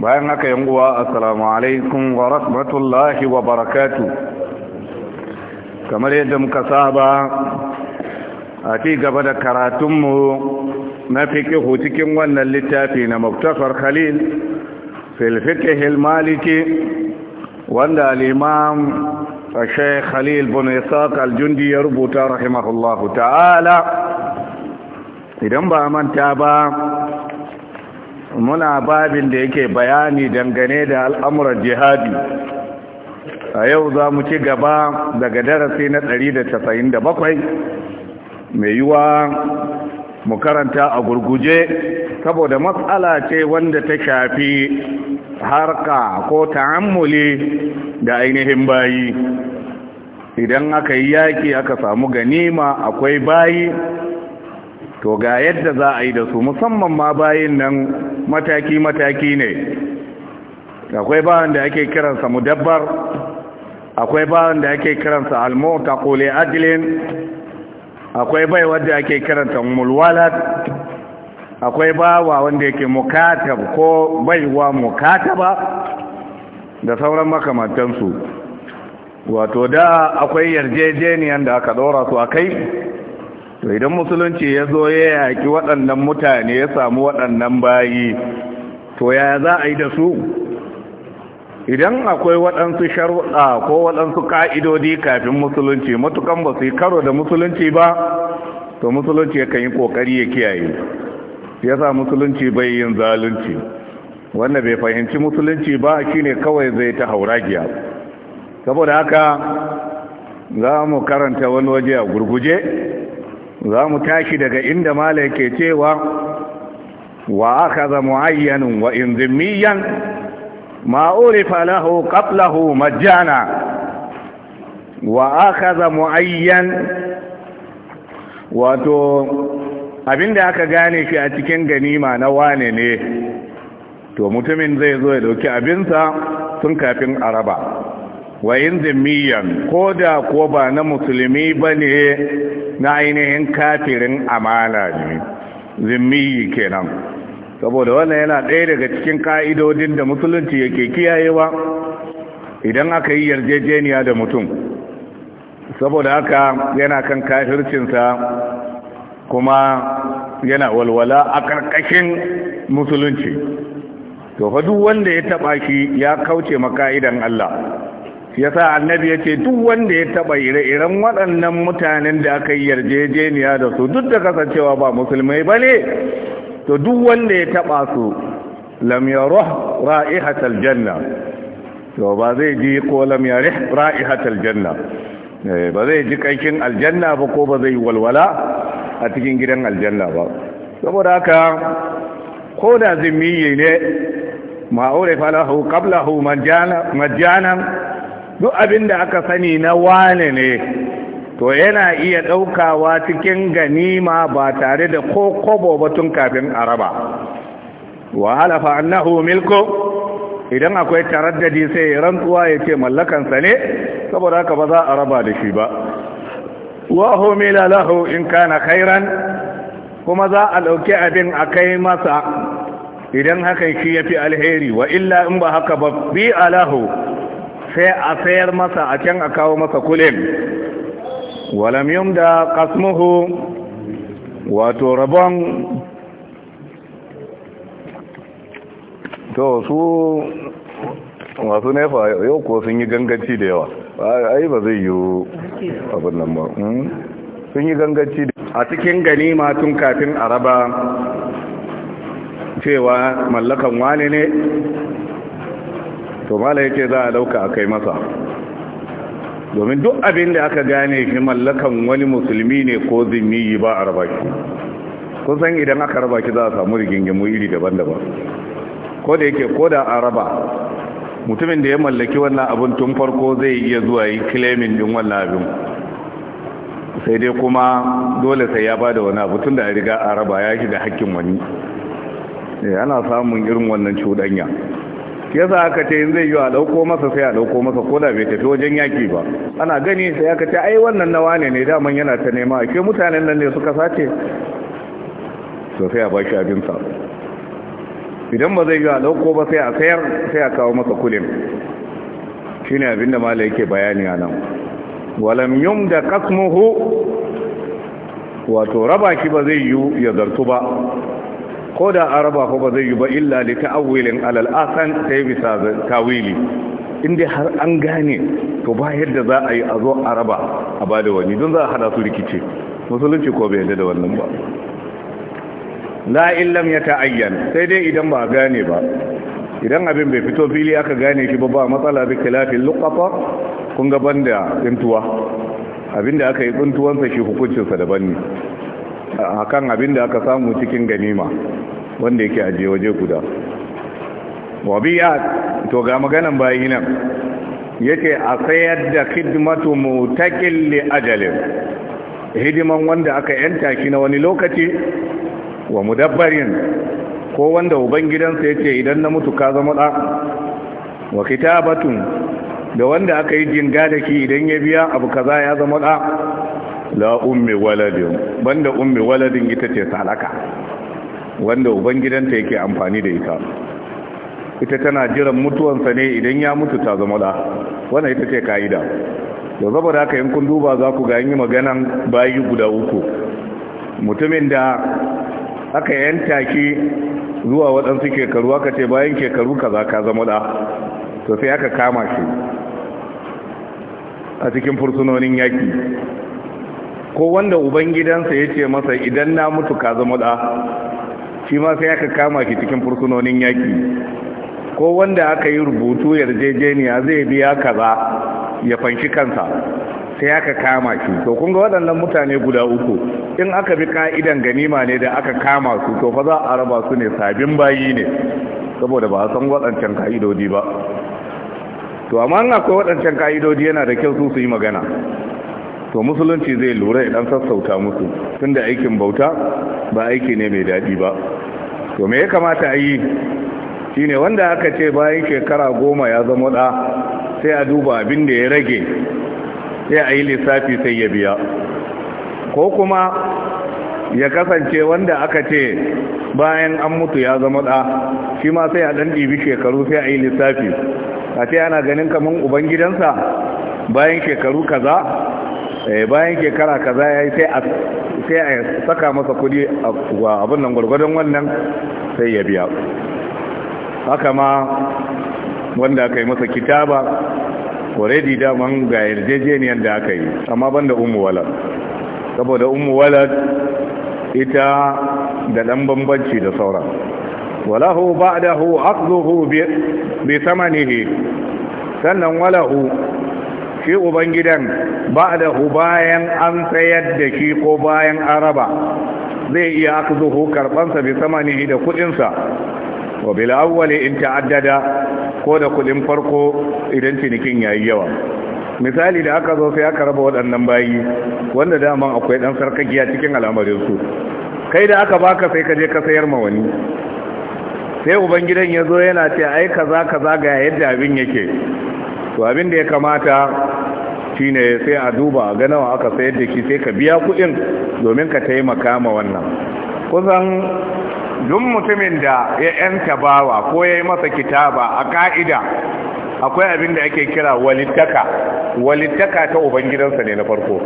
bayan haka yan uwa assalamu alaikum wa rahmatullahi wa barakatu kamar yadda muka saba a ci gaba da karatunmu na fikihu cikin wannan littafi na muktasar khalil fil maliki wanda al-imam الشيخ ya بن إساق aljundi ya rubuta الله ta'ala idan ba manta ba muna babin da yake bayani dangane da al'amuran jihadi a yau za mu ci gaba daga darasi na ɗari da da bakwai mai yiwa mu karanta a gurguje saboda matsala ce wanda ta shafi harka ko ta'ammuli da ainihin bayi idan aka yi yaƙi aka samu ganima akwai bayi to ga yadda za a yi da su musamman ma bayin nan mataki-mataki ne akwai bawan da ake kiransa mudabbar akwai ba da ake kiransa almota kule adilin akwai bai wadda ake kiranta mulwalat akwai bawa wanda yake mukatab ko baiwa mukataba da sauran makamantansu wato da akwai yarjejeniyan da aka dora su a kai to idan musulunci ya zo ya yaki waɗannan mutane ya samu waɗannan bayi to ya za a yi da su idan akwai waɗansu sharuɗa ko waɗansu ƙa'idodi kafin musulunci matukan ba su yi karo da musulunci ba to musulunci ya kan yi ƙoƙari ya kiyaye ya sa musulunci bai yin zalunci wanda bai fahimci musulunci ba Shi ne kawai zai ta haura hauragiya saboda haka za mu karanta wani waje a gurguje za mu tashi daga inda mala ke cewa wa aka za ayyana wa in ma'urifa lahu qablahu majjana wa aka za mu'ayyan wato abinda aka gane shi a cikin ganima na wane ne to mutumin zai zo ya dauki abinsa sun kafin araba wa in zimmiyan ko da ko ba na musulmi ba ne na ainihin kafirin amana ne zimmiyi kenan saboda wannan yana ɗaya daga cikin ka'idodin da musulunci yake kiyayewa idan aka yi yarjejeniya da mutum saboda haka yana kan kafircinsa kuma yana walwala a ƙarƙashin musulunci to fa duk wanda ya taɓa shi ya kauce maka'idan Allah ya sa annabi ya ce duk wanda ya taɓa ire-iren waɗannan mutanen da aka yi yarjejeniya da su duk da kasancewa ba musulmai ba ne to duk wanda ya taɓa su lam ya janna to ba zai ji ko lam ya eh, ba zai ji ƙanshin aljanna ba ko ba zai walwala a cikin gidan aljanna ba saboda haka ko da zimmiyi ne ma'aure falahu qablahu majanan duk abin da aka sani na wane ne to yana iya ɗaukawa cikin ganima ba tare da ko kobo batun kafin araba Wahala halafa annahu milko idan akwai taraddadi sai rantsuwa ya ce mallakansa ne saboda haka ba za a raba da shi ba wa humila in kana khairan kuma za a ɗauki abin a kai masa idan hakan shi ya fi alheri wa illa in ba haka ba bi alahu sai a sayar masa a can a kawo masa kulin walam da kasmuhu wato rabon to su masu nefa yau ko sun yi ganganci da yawa ai ba zai yi abin nan ba hmm? sun yi ganganci da a cikin ganima tun kafin araba cewa mallakan wane ne to mala yake za a dauka a kai masa domin duk abin da aka gane shi mallakan wani musulmi ne ko yi ba a raba shi kusan idan aka raba shi za a samu rigingimu iri daban-daban ko da yake ko da a raba mutumin da ya mallaki wannan abin tun farko zai iya zuwa yi claiming din wannan abin sai dai kuma dole sai ya bada wani abu tun da ya riga a raba ya shi da hakkin wani eh, ana samun irin wannan cuɗanya yasa aka ce in zai yi a dauko masa sai a dauko masa ko da bai tafi wajen yaki ba ana gani sai aka ce ai wannan nawa ne ne daman yana ta nema a ke mutanen nan ne suka sace to sai a baki abinsa idan ba zai yi a dauko ba sai a sayar sai a kawo masa kulin shine abinda mala yake bayani a nan walam yum da kasmuhu wato raba shi ba zai yi ya zartu ba ko da araba ko ba zai yi ba illa da ta'awilin alal asan sai bisa tawili inda har an gane to ba yadda za a yi a zo araba a ba da wani don za a hada su rikice musulunci ko bai yadda da wannan ba la illam ya ta'ayyan sai dai idan ba gane ba idan abin bai fito fili aka gane shi ba ba matsala bi kilafin luqafa kun ga banda tsintuwa abinda aka yi tsintuwansa shi hukuncinsa daban ne kan abin da aka samu cikin ganima wanda yake aje waje guda wabiyat to ga maganan bayi nan yake a sayar da khidmatu mutaqil li ajalin hidiman wanda aka yanta ki na wani lokaci wa mudabbarin ko wanda gidansa yace idan na mutu ka zama da wa kitabatun da wanda aka yi jinga da ki idan ya biya abu kaza ya zama da la ummi waladin banda ummi waladin ita ce salaka wanda ubangidanta yake amfani da ita ita tana jiran mutuwansa ne idan ya mutu ta zama da wannan ita ce ka'ida da saboda haka in kun duba za ku ga maganan bayi guda uku mutumin da aka yanta ki zuwa waɗansu kekaru aka ce bayan kekaru ka za ka zama da to sai aka kama shi a cikin fursunonin yaki ko wanda ubangidansa ya ce masa idan na mutu ka zama da shi ma sai aka kama shi cikin fursunonin yaki ko wanda aka yi rubutu yarjejeniya zai biya kaza ya fanshi kansa sai aka kama shi to kun ga waɗannan mutane guda uku in aka bi ka'idan ganima ne da aka kama su to fa za a raba su ne sabin bayi ne saboda ba a san waɗancan ka'idodi ba to amma akwai waɗancan ka'idodi yana da kyau su su yi magana to musulunci zai lura idan sassauta musu tunda aikin bauta ba aiki ne mai daɗi ba to me ya kamata a yi Shi ne wanda aka ce bayan shekara goma ya zama ɗa sai a duba abin da ya rage sai a yi lissafi sai ya biya ko kuma ya kasance wanda aka ce bayan an mutu ya zama ɗa shi ma sai a ɗan ɗibi shekaru sai a yi lissafi a ce ana ganin kamar ubangidansa bayan shekaru kaza Eh, bayan shekara kaza ya yi sai a saka masa kudi a abin nan gwargwadon wannan sai ya biya haka ma wanda aka yi masa kitaba already daman ga yarjejeniyar da aka yi amma ban umu walad saboda umu walad ita da dan bambanci da sauran walahu ba'dahu aqduhu bi thamanihi sannan walahu shi ubangidan ba da hu bayan an sayar da shi ko bayan araba zai iya aka zuhu karɓansa bi samani da kuɗinsa wa bil awwali in ta'addada ko da kuɗin farko idan cinikin yayi yawa misali da aka zo sai aka raba waɗannan bayi wanda dama akwai ɗan sarkakiya cikin al'amarinsu kai da aka baka sai ka je ka sayar ma wani sai ubangidan ya zo yana ce ai kaza kaza ga yadda abin yake to abin da ya kamata ne sai a duba ga nawa aka sayar da shi sai ka biya kuɗin domin ka taimaka ma wannan kusan duk mutumin da ya yanta bawa ko ya yi masa kitaba a ka'ida akwai abin da ake kira walittaka walittaka ta ubangidansa ne na farko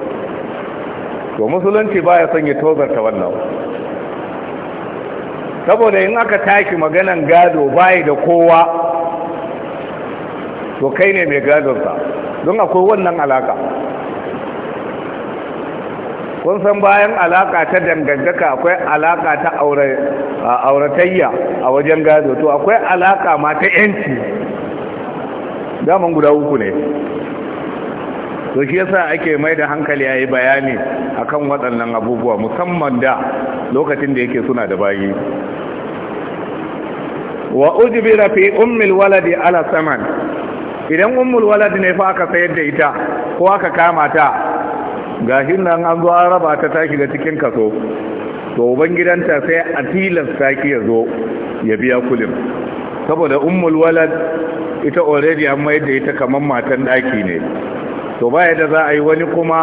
to musulunci baya son ya tozarta wannan saboda in aka taki maganan gado bayi da kowa to kai ne mai gadonsa don akwai wannan alaka kun san bayan alaka ta dangantaka akwai alaka ta auratayya a wajen gado to akwai alaka ma ta yanci daman guda uku ne to shi yasa ake mai da hankali yayi bayani akan waɗannan abubuwa musamman da lokacin da yake suna da bayi wa ujbira fi ummil waladi ala saman idan ummul walad ne fa aka sayar da ita ko aka kama ta gashin nan an zo an raba ta tashi da cikin kaso to ubangidanta sai a tilasta ki ya zo ya biya kulin saboda ummul walad ita already an mayar da ita kamar matan daki ne to baya da za a yi wani kuma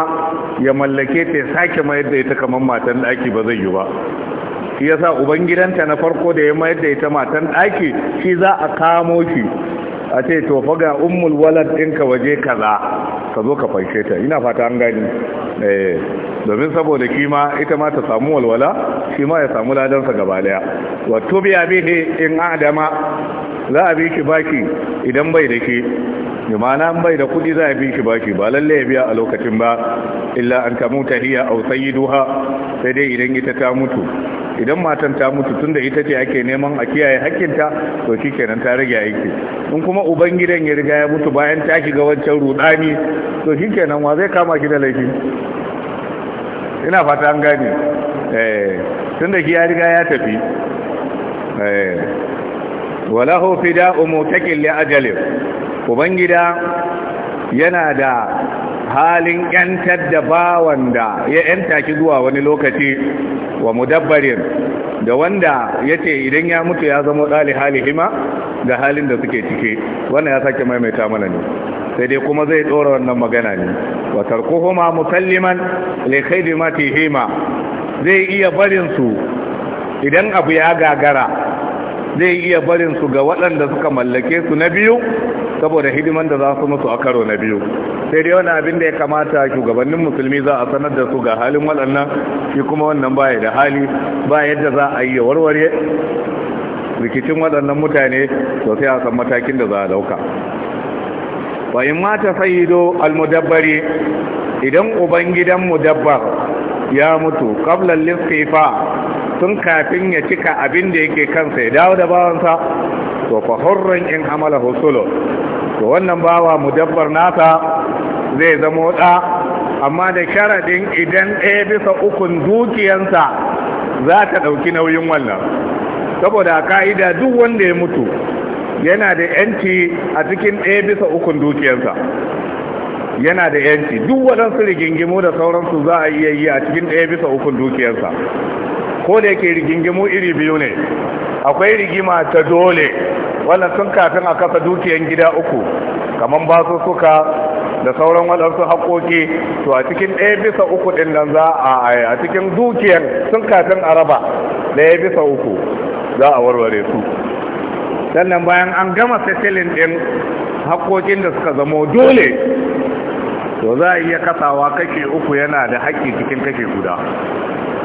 ya mallake ta ya sake mayar da ita kamar matan daki ba zai yi ba shi yasa ubangidanta na farko da ya mayar da ita matan daki shi za a kamo shi a ce to faga ummul walad ɗinka waje kaza ka zo ka ta ina fata an gani eh, domin saboda kima ita ma ta samu walwala shi ma ya samu ladansa gaba daya wato biya bihe in adama za a bi shi baki idan bai da shi jimana bai da kudi za a bi shi baki ba lalle ya biya a lokacin ba illa an ta muta hiya au sayyiduha sai dai idan ita ta mutu idan matan ta mutu tunda ita ce ake neman a kiyaye hakkinta to shikenan ta rage aiki in kuma uban gidan ya riga ya mutu bayan ta shiga wancan rudani to shikenan wa zai kama ki da laifi ina fata an gane eh tunda ki ya riga ya tafi eh walahu fida'u mutaqil li ajalin ubangida yana da halin yantar da bawanda ya yanta ki zuwa wani lokaci wa mudabbarin da wanda ya ce idan ya mutu ya zama hali hima da halin da suke cike wannan ya sake maimaita mana ne sai dai kuma zai dora wannan magana ne wa tarkuhuma musalliman li hima zai iya barin su idan abu ya gagara zai iya barin su ga waɗanda suka mallake su na biyu saboda hidiman da za su musu a karo na biyu sai dai wani abin da ya kamata shugabannin musulmi za a sanar da su ga halin waɗannan shi kuma wannan baya da hali ba yadda za a yi warware rikicin waɗannan mutane to sai a san matakin da za a dauka wa in mata sayido almudabbari idan ubangidan mudabbar ya mutu kablan al tun kafin ya cika abin da yake kansa ya dawo da bawansa to fa hurran in amala husulu to wannan bawa mudabbar nasa zai zamo da amma da sharadin idan ɗaya bisa ukun dukiyansa za ta ɗauki nauyin wannan saboda ka'ida duk wanda ya mutu yana da yanci a cikin ɗaya bisa ukun dukiyansa, yana da yanci duk waɗansu rigingimu da sauransu za a iya yi a cikin ɗaya bisa ukun dukiyansa. ko da yake rigingimu iri biyu ne akwai rigima ta dole wannan sun kafin a kasa dukiyan gida uku kamar su suka da sauran waɗansu haƙoƙi to a cikin ɗaya bisa uku ɗin nan za a a cikin dukiyan sun kafin a raba ɗaya bisa uku za a warware su sannan bayan an gama setilin ɗin haƙoƙin da suka zamo dole to za a iya kasawa kashe uku yana da haƙƙi cikin kashe guda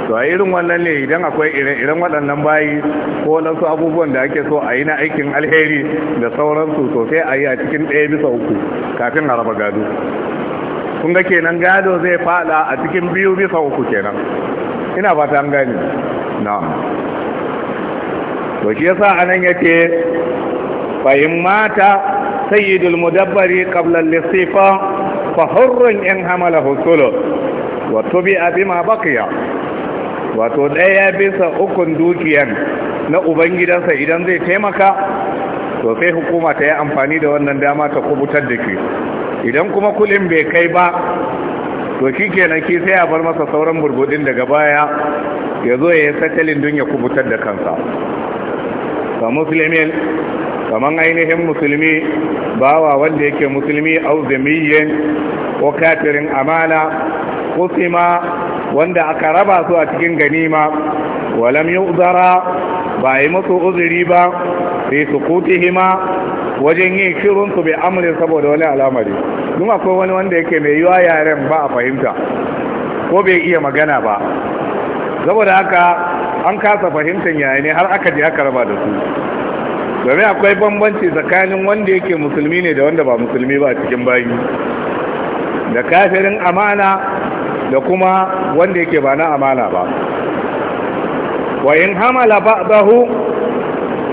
to a irin wannan ne idan akwai irin waɗannan bayi ko waɗansu abubuwan da ake so a yi na aikin alheri da sauransu to sai a yi a cikin ɗaya bisa uku kafin a raba gado kun ga kenan gado zai faɗa a cikin biyu bisa uku kenan ina ba ta gani na to shi yasa anan yake fahim mata sayyidul mudabbari kabla lisifa fa hurrun in hamala husulu wa tubi bima baqiya wato ɗaya ya bisa ukun dukiyan na ubangidansa idan zai taimaka to sai hukuma ta yi amfani da wannan dama ta kubutar da ke, idan kuma kulin bai kai ba to shi kenan ki sai a bar masa sauran burbudin daga baya ya zo ya yi satalin don ya kubutar da kansa ga musulmin kamar ainihin musulmi bawa wanda yake musulmi au ko katirin amana ko ma. wanda aka raba su a cikin ganima walam yu'zara ba yi musu uzuri ba fi sukutihima wajen yin shirin su bai amre saboda wani al'amari kuma akwai wani wanda yake mai yiwa yaren ba a fahimta ko bai iya magana ba saboda haka an kasa fahimtar yaya har aka ji aka raba da su domin akwai bambanci tsakanin wanda yake musulmi ne da wanda ba musulmi ba cikin bayi da kafirin amana da kuma wanda yake ba na amana ba wa in hamala ba'dahu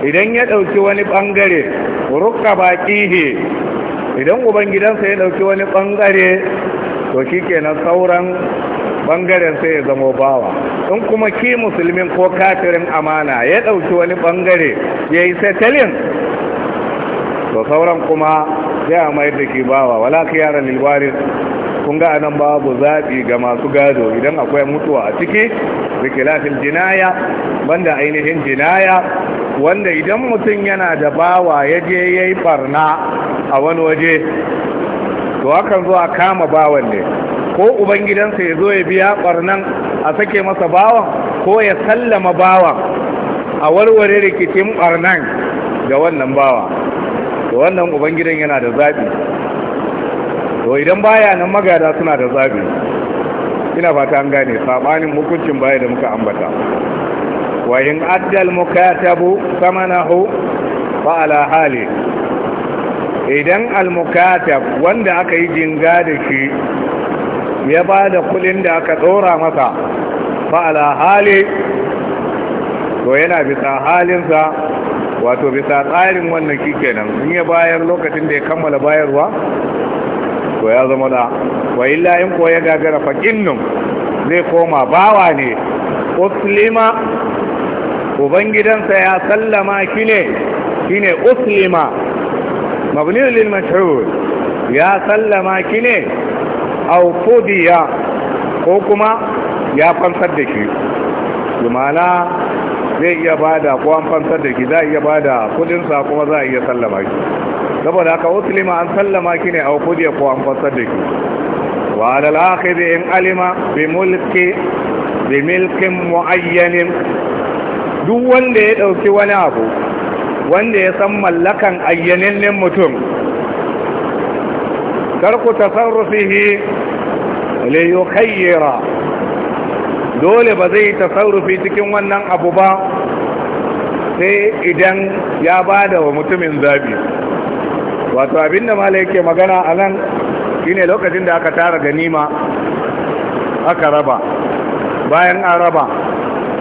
idan ya dauki wani bangare rukka baqihi idan ubangidansa ya dauki wani bangare to shikenan sauran bangaren sai ya zama bawa in kuma ki musulmin ko kafirin amana ya dauki wani bangare yayi satalin, to sauran kuma ya mai da ki bawa wala khiyara lil waris kun ga anan babu zaɓi ga masu gado idan akwai mutuwa a ciki da kilafin jinaya banda ainihin jinaya wanda idan mutum yana da bawa ya je ya yi barna a wani waje to akan zo a kama bawan ne ko ubangidansa ya zo ya biya barnan a sake masa bawan ko ya sallama bawan a warware rikicin barnan ga wannan bawa to wannan ubangidan yana da zaɓi to idan baya nan magada suna da zabi ina fata an gane sabanin hukuncin baya da muka ambata wa in addal mukatabu samanahu fa ala hali idan al-mukatab wanda aka yi jinga da shi ya ba da kudin da aka tsora masa fa ala hali to yana bisa halinsa wato bisa tsarin wannan kenan, in ya bayar lokacin da ya kammala bayarwa to ya zama da wa illa in ko ya gagara fa innum zai koma bawa ne uslima ubangidansa ya sallama shi ne shi ne uslima mabniyar lil ya sallama shi ne au ko kuma ya fansar da shi imana? zai iya bada ko an fansar da ki za iya bada kudinsa kuma za iya sallama ki saboda haka uslima an sallama ki ne a kudiya ko an fansar da ki wa alal akhir in alima bi mulki bi milkin muayyanin duk wanda ya dauki wani abu wanda ya san mallakan ayyanin mutum tarku tasarrufihi li yukhayyira dole ba zai tasarrufi cikin wannan abu ba sai idan ya ba da wa mutumin zabi wato da mala yake magana a nan shine lokacin da aka tara ganima aka raba bayan an raba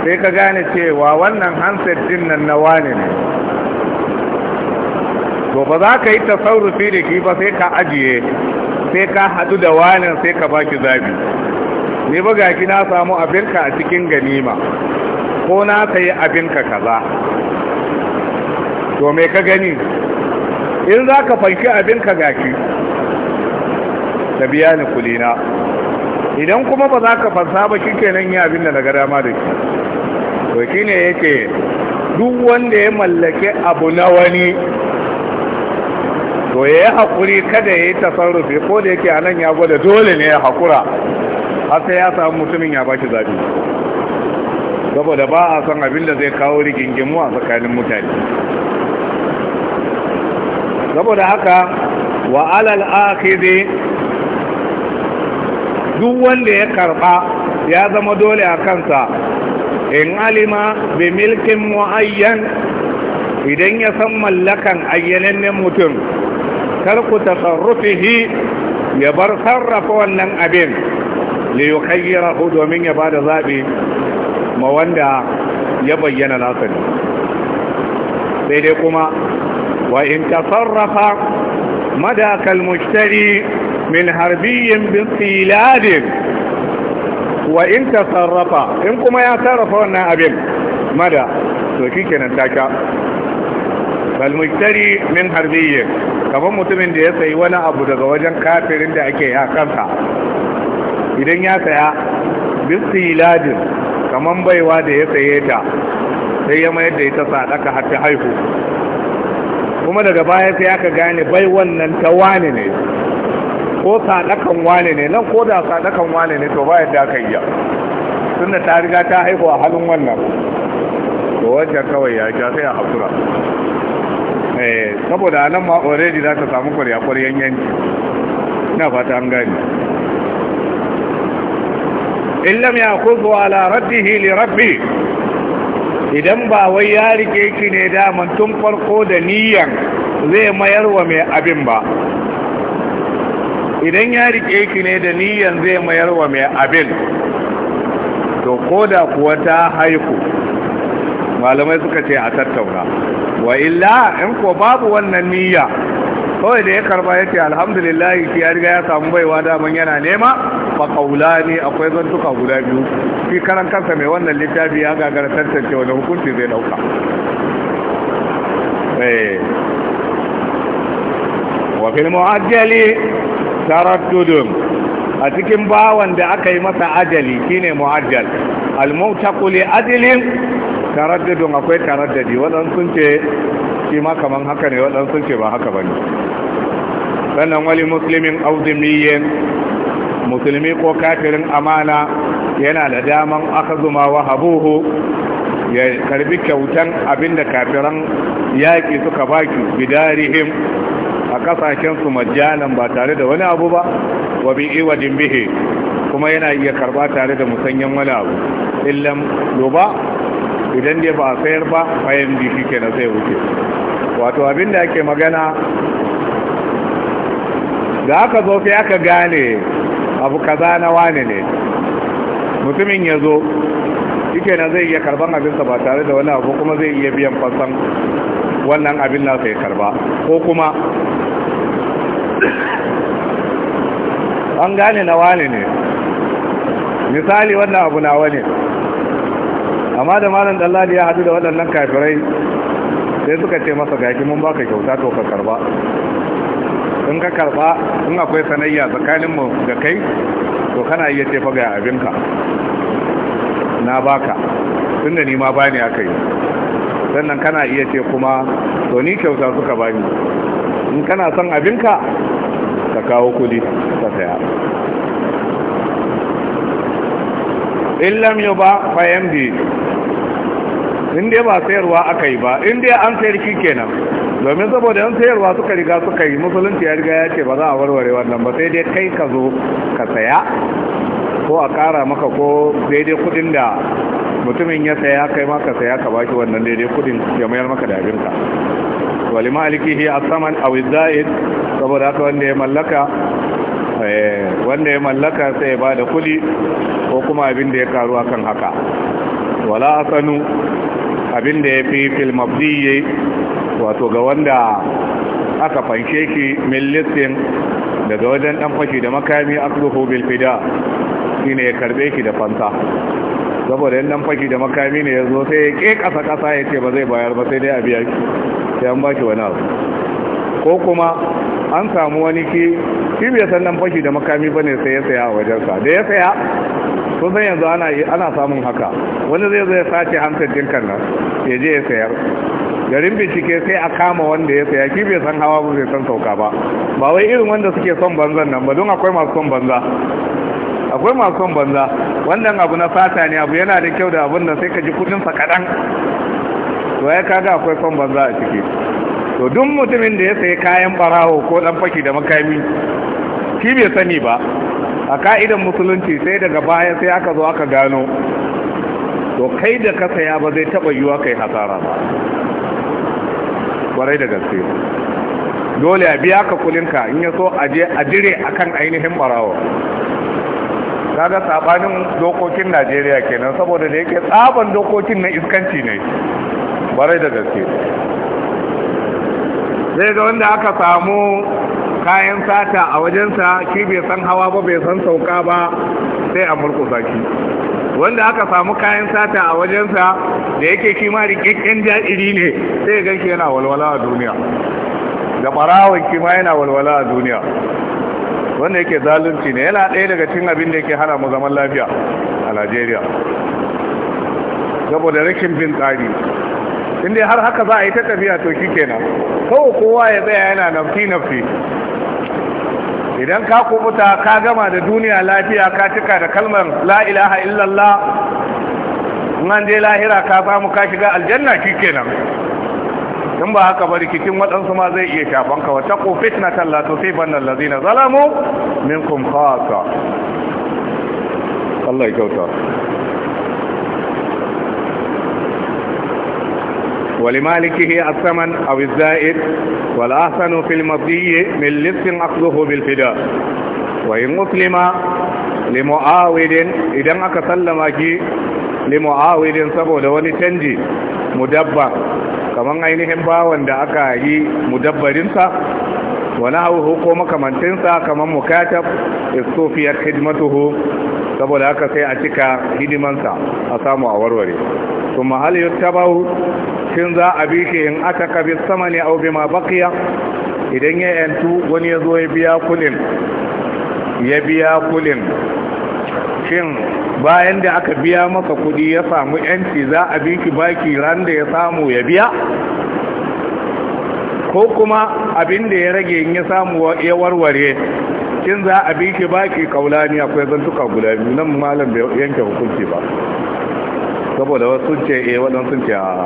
sai ka gane cewa wannan hanset din nan na wane ne to ba za ka yi tasarrufi da ki ba sai ka ajiye sai ka hadu da wane sai ka baki zabi ni buga ki na samu abinka a cikin ganima ko na sayi abinka kaza to me ka gani in za ka fanki abinka gaki ta biya ni kulina idan kuma ba za ka fansa ba shi kenan yi abin da daga dama da shi to shi ne ya ce duk wanda ya mallake abu na wani to ya yi haƙuri kada ya yi tasarrufi ko da yake a nan ya gwada dole ne ya haƙura har sai ya samu mutumin ya baki zabi saboda ba a son abin da zai kawo rigingimu a tsakanin mutane saboda haka wa alal akhidhi duk wanda ya karba ya zama dole a kansa in alima bi milkin muayyan idan ya san mallakan ayyanannen mutum kar ku tasarrufihi ya bar sarrafa wannan abin li yukhayyirahu domin ya bada zabi ma wanda ya bayyana nasa ne sai dai kuma wa in tasarrafa madaka al-mushtari min harbiyyin bi siladin wa in ta sarrafa. in kuma ya sarrafa wannan abin mada to shikenan taka bal mushtari min harbiyyin Kamar mutumin da ya sayi wani abu daga wajen kafirin da ake yakansa idan ya saya iladin kaman baiwa da ya saye ta sai ya mayar da ita sadaka har ta haihu kuma daga baya sai aka gane bai wannan ta wane ne ko sadakan wane ne nan ko da sadakan wane ne to ba yadda aka yi tunda ta riga ta haihu a halin wannan to wacce kawai ya ja sai a hakura eh, saboda nan ma already za ta samu kwarya kwaryan yanki na fata an gani in lam yakhudhu ala raddihi li rabbi idan ba wai ya rike ki ne daman tun farko da niyan zai mayar wa mai abin ba idan ya rike ki ne da niyan zai mayar wa mai abin to koda kuwa ta haiku malamai suka ce a tattauna wa illa in ko babu wannan niyya kawai da ya karba ya ce alhamdulillah ki ya riga ya samu baiwa daman yana nema makaulani akwai zantuka guda biyu fi karan kansa mai wannan littafi ya gagara tantance wani hukunci zai dauka eh. wa fil mu'ajjali taraddudun a cikin bawan da aka yi masa ajali shine mu'ajjal al-mutaqu li ajlin taraddudun akwai tarar dadi sun ce shi ma kaman haka ne wadan sun ce ba haka bane sannan wali muslimin auzimiyyin musulmi ko kafirin amana yana da daman aka zuma wa habuhu ya karbi kyautan abinda kafiran yaƙi suka baki bidarihim a ƙasashensu majalan ba tare da wani abu ba wa bi iwadin bihe kuma yana iya karba tare da musanyen wani abu illan loba idan dai ba a sayar ba bayan da shi kenan sai wuce wato abin da ake magana da aka zo sai aka gane abu kaza na wane ne mutumin ya zo shike na zai iya karban abinsa ba tare da wani abu kuma zai iya biyan fasan wannan abin nasa ya karba ko kuma an gane na wane ne misali wannan abu na wane amma da malam dalladi ya hadu da waɗannan kafirai sai suka ce masa gaki mun baka kyauta to ka karba in ka karba in akwai sanayya tsakaninmu da kai to kana iya ce faga abinka na baka tun da nima bani aka yi sannan kana iya ce kuma to ni kyauta suka bani in kana son abinka ka kawo kudi ka saya illam lamyo ba fayan biyu in dai ba sayarwa aka yi ba in dai an sayar shi kenan domin saboda yan sayarwa suka riga suka yi musulunci ya riga ya ce ba za a warware wannan ba sai dai kai ka zo ka saya ko a kara maka ko daidai kudin da mutumin ya saya kai maka saya ka bashi wannan daidai kudin ya mayar maka da abinka wali maliki hi asaman aw zaid saboda haka wanda ya mallaka eh, wanda ya mallaka sai ya bada kudi ko kuma abin da ya karu akan haka wala asanu abin da ya fi fil wato ga wanda aka fanshe ki millistin daga wajen dan fashi da makami akluhu bil fida shine ya karbe ki da fanta saboda yan dan fashi da makami ne yazo sai ya ke kasa kasa ya ce ba zai bayar ba sai dai a biya ki sai an ki wani abu ko kuma an samu wani ki shi bai san dan fashi da makami bane sai ya saya a wajensa da ya saya to sai yanzu ana ana samun haka wani zai zo ya sace hankalin kan nan ya je ya sayar garin bincike sai a kama wanda ya saya ki bai san hawa ba bai san sauka ba ba wai irin wanda suke son banzan nan ba don akwai masu son banza akwai masu son banza wannan abu na fata ne abu yana da kyau da abin da sai ka ji kudin sa kadan to ya kaga akwai son banza a ciki to duk mutumin da ya sayi kayan barawo ko dan faki da makami ki bai sani ba a ka'idan musulunci sai daga baya sai aka zo aka gano to kai da ka saya ba zai taba yiwa kai hasara ba kwarai da gaske dole a biya ka kulinka in ya so a je a dire kan ainihin barawo kaga sabanin dokokin Najeriya kenan saboda da yake tsaban dokokin na iskanci ne kwarai da gaske zai ga wanda aka samu kayan sata a wajensa shi bai san hawa ba bai san sauka ba sai a murkusa shi wanda aka samu kayan sata a wajensa da yake shi ma rikakken ne sai gan shi yana walwala a duniya da farawar shi yana walwala a duniya wanda yake zalunci ne yana ɗaya daga cin abin da yake hana mu zaman lafiya a Najeriya saboda rikin bin tsari inda har haka za a yi ta tafiya to shi kenan kawo kowa ya tsaya yana nafi-nafi idan ka kubuta ka gama da duniya lafiya ka cika da kalmar la ilaha illallah in an je lahira ka samu ka shiga aljanna kenan in ba haka ba rikicin waɗansu ma zai iya shafan ka wata ko fitnatan la tusibanna allazina zalamu minkum khassa Allah ya kauta wala الثمن أو الزائد والأحسن في المضي من لبس أخذه بالفداء وإن أسلم idan aka sallama ki. mu'awidin saboda wani canji mudabba kamar ainihin bawan da aka yi mudabbarinsa wani hauhu ko makamantinsa kamar mukatab istofiyar hidimatuhu saboda aka sai a cika hidimansa a samu a warware sun mahal yuttabau shin za a bi in aka kabi sama ne au bima baqiya idan ya yantu wani ya zo ya biya kulin ya biya kulin shin bayan da aka biya maka kudi ya samu yanci za a bi ki baki ran da ya samu ya biya ko kuma abin da ya rage in ya samu ya warware kin za a bi ki baki kaulani akwai zantuka guda biyu nan malam bai yanke hukunci ba saboda wasu ce eh wadan sun ce a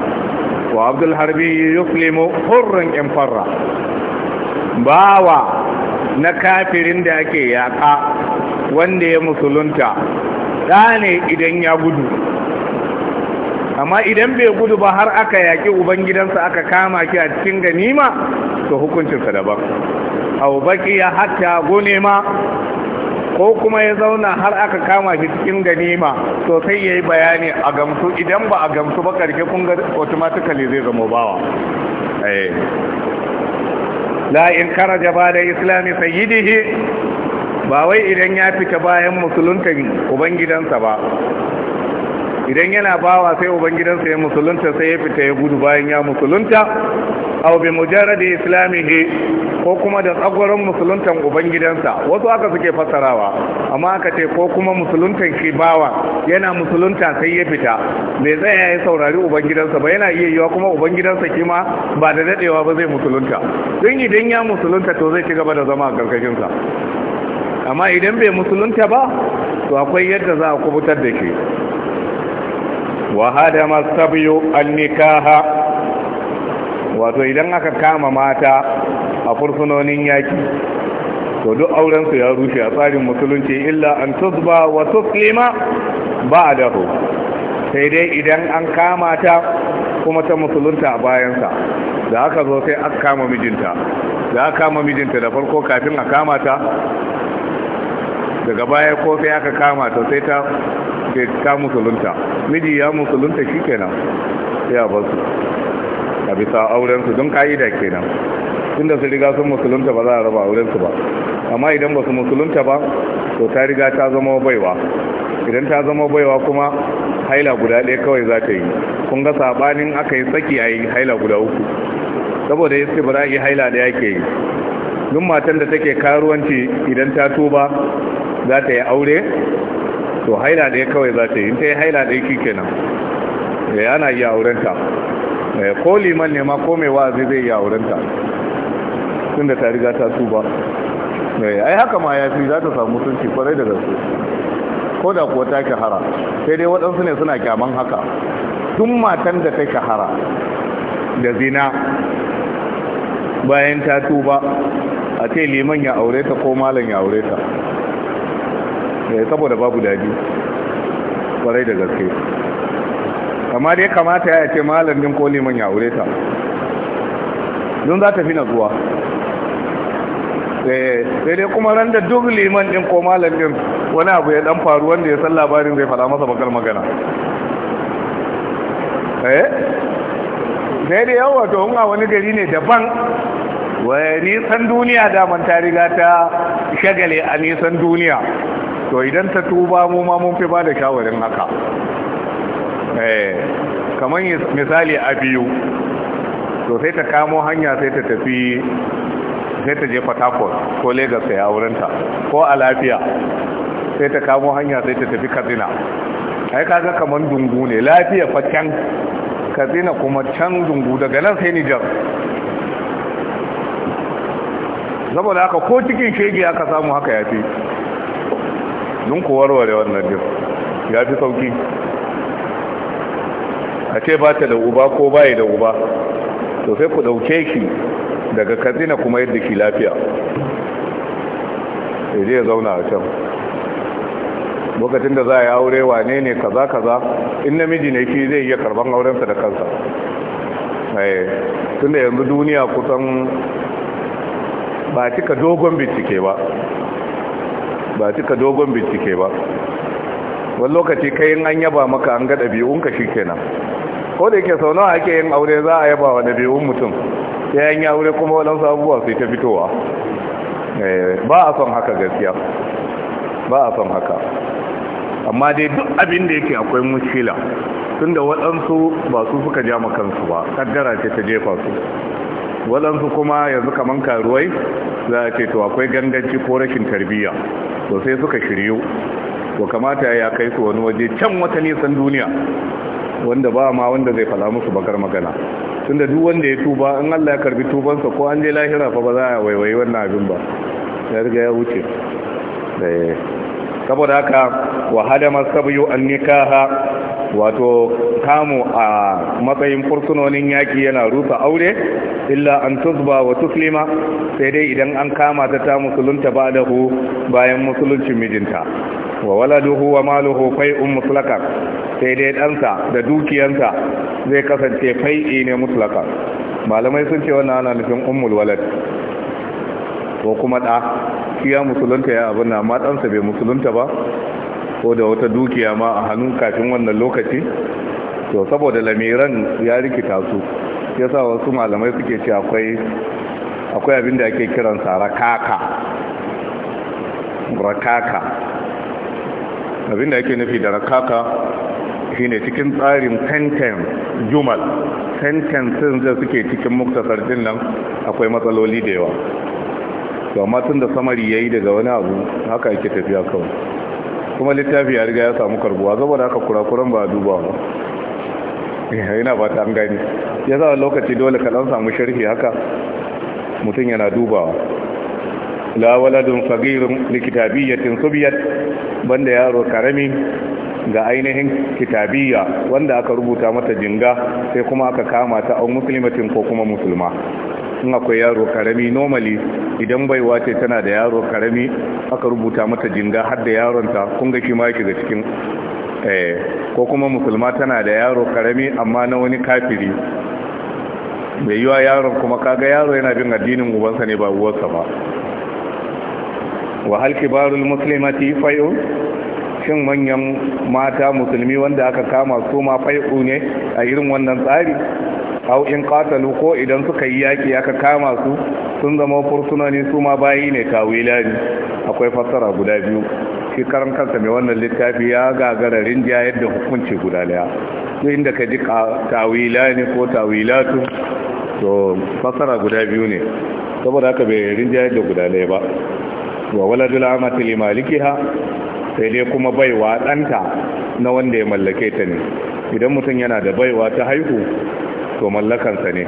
wa abdul harbi yuflimu hurran in farra bawa na kafirin da ake yaka wanda ya musulunta ɗa ne idan ya gudu amma idan bai gudu ba har aka yaƙi ubangidansa aka kama ki a cikin ganima to hukuncinsa daban abu baki ya hatta gone ma ko kuma ya zauna har aka kama shi cikin ganima to sai ya yi bayani a gamsu idan ba a gamsu ba karke kun ga automatically zai zama bawa eh. la in karaja ba da islami sayyidihi ba wai idan ya fita bayan musulunta ubangidansa ba idan yana bawa sai ubangidansa ya musulunta sai ya fita ya gudu bayan ya musulunta aw bi islami he ko kuma da tsagwaron musuluntan ubangidansa wasu aka suke fassarawa amma aka ce ko kuma musuluntan shi bawa yana musulunta sai ya fita mai tsaya ya saurari ubangidansa ba yana iya yiwa kuma ubangidansa kima ba da dadewa ba zai musulunta don idan ya musulunta to zai ci gaba da zama a karkashinsa amma idan bai musulunta ba to akwai yadda za a kubutar da ke. wa hada masabiyu annikaha wato idan aka kama mata a fursunonin yaki to duk auren ya rushe a tsarin musulunci illa an tuzba wa tuslima ba'dahu sai dai idan an kama ta kuma ta musulunta a bayansa da aka zo sai aka kama mijinta da aka kama mijinta da farko kafin a kama ta daga baya ko sai aka kama ta sai ta ta musulunta miji ya musulunta kenan ya ba su a bisa auren su don ka'ida kenan tunda su riga sun musulunta ba za a raba auren su ba amma idan ba su musulunta ba to ta riga ta zama baiwa idan ta zama baiwa kuma haila guda ɗaya kawai za ta yi kun ga sabanin aka yi tsaki a yi haila guda uku saboda yace ba za a yi haila ɗaya ke yi duk matan da take karuwanci idan ta tuba za ta yi aure to haila ɗaya kawai za ta yi ta yi haila ɗaya shi kenan da eh, yana iya aurenta eh, ko liman ne ma ko mai wa'azi zai iya aurenta sun da ta riga ta tuba eh, ai haka ma ya fi za ta samu ci kwarai da gaske ko da kuwa ta kahara sai dai waɗansu ne suna kyaman haka tun matan da ta kahara da zina bayan ta tuba a ce liman ya aure ta ko malam ya aure ta Eh, saboda babu daji kwarai da gaske amma dai kamata ya ce malamin din koli man ya aure ta don za ta fi nazuwa eh, sai dai kuma ran da duk liman din ko malamin din wani abu ya dan faru wanda ya san labarin zai fada masa bakar magana eh sai da yawa to in a wani gari ne daban wani nisan duniya daman ta riga ta shagale a nisan duniya to idan ta tuba mu ma mun fi ba da shawarin haka eh, kamar misali a biyu to sai ta kamo hanya sai ta tafi sai ta je fatakon ko lagos sai a wurinta ko a lafiya sai ta kamo hanya sai ta tafi katsina ai kaga kaman dungu ne lafiya fa can kuma can dungu daga nan sai nijar saboda haka ko cikin shege aka samu haka ya fi dun ku warware wannan din ya fi sauki a ce ba ta da uba ko bayi da uba to sai ku ɗauke ki, daga katsina kuma yadda ki lafiya sai zai zauna a can lokacin da za a yi aure wane ne kaza kaza in namiji ne shi zai iya karban aurensa da kansa eh, tun da yanzu duniya kusan ba cika dogon bincike ba ba cika dogon bincike ba wani lokaci kai yin an yaba maka an ga ɗabi'unka shi kenan ko da yake sau nawa ake yin aure za a yaba wa ɗabi'un mutum sai an yi aure kuma waɗansu abubuwa sai ta fitowa eh, ba a son haka gaskiya ba a son haka amma dai duk abin da yake akwai mushila, tun da waɗansu ba su suka ja kansu ba kaddara ce ta jefa su waɗansu kuma yanzu kamar karuwai za a ce to akwai ganganci ko rashin tarbiyya to sai suka shiryu to kamata ya kai su wani waje can wata nisan duniya wanda ba ma wanda zai fada musu bakar magana tunda duk wanda ya tuba in Allah ya karbi tubansa ko an je lahira fa ba za a waiwayi wannan abin ba ya riga ya wuce eh. saboda haka wa hadama sabiyu an nikaha wato kamu a matsayin fursunonin yaki yana rusa aure illa an tuzba wa tuslima sai dai idan an kama ta ta musulunta ba da hu bayan musuluncin mijinta wa waladuhu wa maluhu fai'un mutlaqan sai dai ɗansa da dukiyansa zai kasance fai'i ne mutlaqan malamai sun ce wannan ana nufin ummul walad ko kuma ɗa shi ya musulunta ya abin na matsansa bai musulunta ba ko da wata dukiya ma a hannun kafin wannan lokaci to saboda lamiran ya rikita su ya sa wasu malamai suke ce akwai akwai abin da ake kiransa rakaka rakaka abin da ake nufi da rakaka shine cikin tsarin sentence jumal sun da suke cikin muktasar din nan akwai matsaloli da yawa to amma tun da samari ya yi daga wani abu haka ake tafiya kawai kuma littafi ya riga ya samu karbuwa saboda haka kurakuran ba duba ba yana eh, ba ta gani ya sa lokaci dole ka samu sharhi haka mutum yana dubawa la waladun sagirun subiyat banda yaro karami ga ainihin kitabiyya wanda aka rubuta mata jinga sai kuma aka kama ta au Musulmatin ko kuma musulma in akwai yaro karami normally idan baiwa ce tana da yaro karami aka rubuta mata jinga har da yaronta kun ga shi ma shiga cikin eh, ko kuma musulma tana da yaro karami amma na wani kafiri mai yiwa yaron kuma kaga yaro yana bin addinin ubansa ne ba uwarsa ba wa halki barul muslimati fayo shin manyan mata musulmi wanda aka kama su ma fayo ne a irin wannan tsari aw in qatalu ko idan suka yi yaki aka kama su sun zama ne su ma bayi ne tawila ne akwai fassara guda biyu shi karan kansa mai wannan littafi ya gagara rinjiya yadda hukunci guda daya duk inda ka ji tawila ne ko tawilatu to fassara guda biyu ne saboda haka bai rinjiya yadda guda daya ba wa waladul amati li malikiha sai dai kuma baiwa ɗanta na wanda ya mallake ta ne idan mutum yana da baiwa ta haihu to mallakansa ne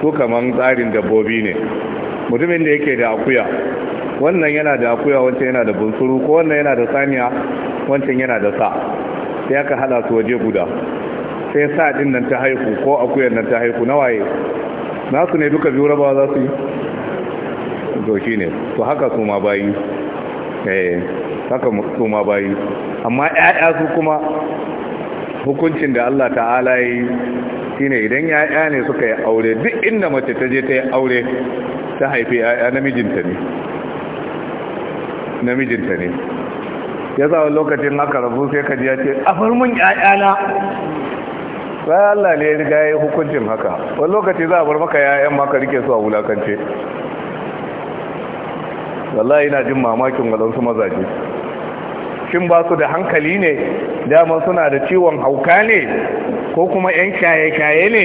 su kaman tsarin dabbobi ne mutumin da yake da akuya wannan yana da akuya wancan yana da bunsuru ko wannan yana da saniya wancan yana da sa sai aka hada su waje guda sai sa din nan ta haihu ko akuyan nan ta haihu na waye nasu ne duka biyu rabawa za su yi to ne to haka su ma bayi eh haka su ma bayi amma ƴaƴa su kuma hukuncin da Allah ta'ala yi shine idan ya'ya ne suka yi aure duk inda mace ta je ta yi aure ta haifi ya'ya namijinta ne namijinta ne ya zawon lokacin haka rabu sai ka jiya ya ce a farmin na sai Allah ne ya ya yi hukuncin haka wani lokaci za a bar maka ya'yan maka rike su a wulakance wallahi ina jin mamakin waɗansu mazaje shin ba su da hankali ne dama suna da ciwon hauka ne ko kuma yan kyaye-kyaye ne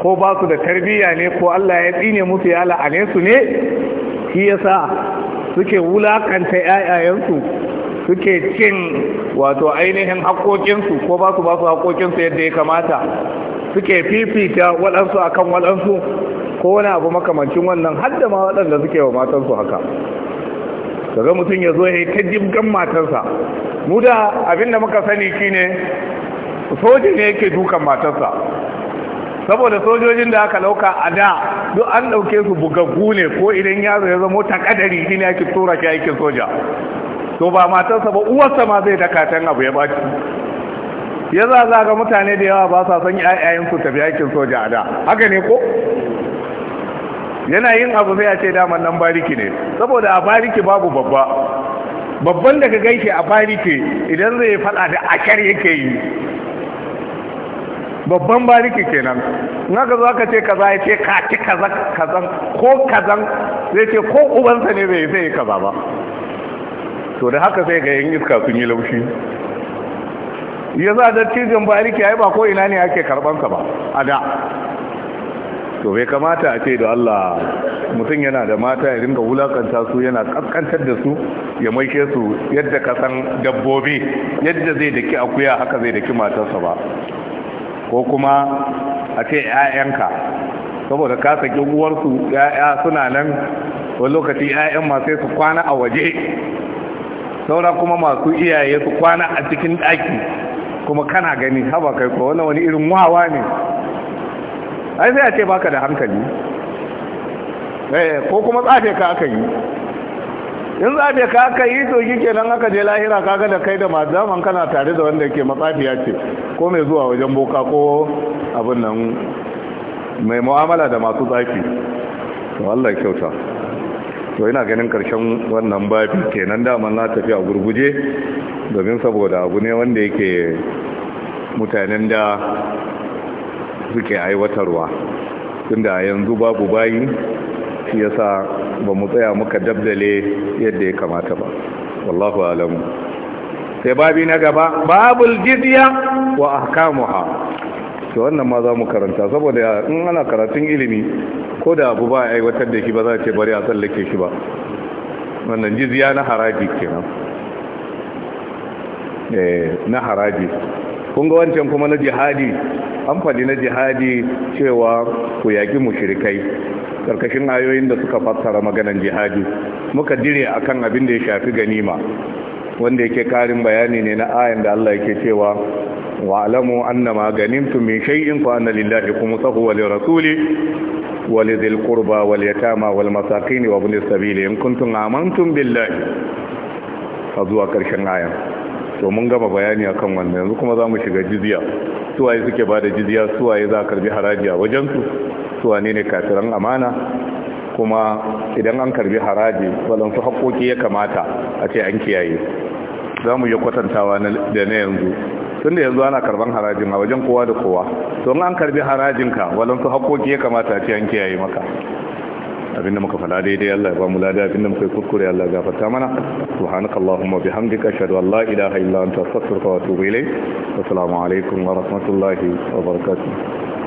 ko ba su da tarbiyya ne ko Allah ya tsine musu ya la'ane su ne shi ya sa suke wulakanta ‘ya’yayensu suke cin wato ainihin haƙoƙinsu ko ba su ba su haƙoƙinsu yadda ya kamata suke fifita waɗansu akan waɗansu ko wani abu makamancin wannan har ma waɗanda suke wa matansu haka daga mutum ya zo ya yi ta jibgan matansa mu abinda muka sani shine soja ne yake dukan matarsa saboda sojojin da aka lauka a da duk an dauke su bugaggu ne ko idan yaro ya zama kadari shi ne ake tura shi aikin soja to ba matarsa ba uwarsa ma zai tan abu ya baci ya za ga mutane da yawa ba sa son ƴaƴayen su tafi aikin soja a da haka ne ko yana yin abu sai a ce daman nan bariki ne saboda a bariki babu babba babban daga gaishe a bariki idan zai faɗa da akar yake yi babban bariki kenan in aka zo ka ce kaza ya ce ka ci kaza kazan ko kazan zai ce ko ubansa ne zai zai kaza ba to da haka sai ga yan iska sun yi laushi ya za da cizon bariki yi ba ko ina ne ake karban ka ba a da to bai kamata a ce da Allah mutum yana da mata ya dinga wulakanta su yana kaskantar da su ya maishe su yadda kasan dabbobi yadda zai daki akuya haka zai daki matarsa ba ko kuma a ce 'ya'yanka saboda ka saki uwarsu 'ya'ya suna nan wani lokaci 'ya'yan ma sai su kwana a waje saura kuma masu iyaye su kwana a cikin ɗaki kuma kana gani haba kai ko wani wani irin wawa ne ai sai a ce baka da hankali eh, ko kuma tsafe ka aka yi in tsafe ka aka yi to ke nan aka je lahira kaga da kai da mazaman kana tare da wanda ke matsafiya ce ko mai zuwa wajen boka ko abin nan mai mu'amala da masu zafi. to Allah kyauta to ina ganin karshen wannan babi kenan daman na tafi a gurguje domin saboda abu ne wanda yake mutanen da suke aiwatarwa tunda yanzu babu bayi shi yasa ba mu tsaya muka dabdale yadda ya kamata ba wallahu alamu sai babi na gaba babul jizya wa ahkamuha to wannan ma za mu karanta saboda in ana karatun ilimi ko da abu ba a aiwatar da shi ba za ce bari a tsallake shi ba wannan jizya na haraji kenan eh na haraji kun ga wancan kuma na jihadi an faɗi na jihadi cewa ku yaƙi mushrikai karkashin ayoyin da suka fassara maganan jihadi muka dire akan abin da ya shafi ganima wanda yake karin bayani ne na ayan da Allah yake cewa wa alamu annama ganimtum min shay'in fa anna lillahi khumsahu wa lirasuli wa lidhil qurba wal yatama wal masakin wa ibnis sabil in kuntum amantum billahi zuwa karshen ayan to mun gama bayani akan wannan yanzu kuma zamu shiga jizya suwaye suke bada jizya suwaye za karbi haraji a wajen su suwane ne kafiran amana kuma idan an karbi haraji waɗansu haƙoƙi ya kamata a ce an kiyaye za mu yi kwatantawa da na yanzu tunda yanzu ana karban harajin a wajen kowa da kowa to an karbi harajinka waɗansu haƙoƙi ya kamata a ce an kiyaye maka abinda muka fada daidai Allah ya ba mu ladai abinda muka yi kuskure Allah ya gafarta mana subhanaka allahumma bihamdika ashhadu an la ilaha illa anta astaghfiruka wa atubu ilayk assalamu alaikum wa rahmatullahi wa barakatuh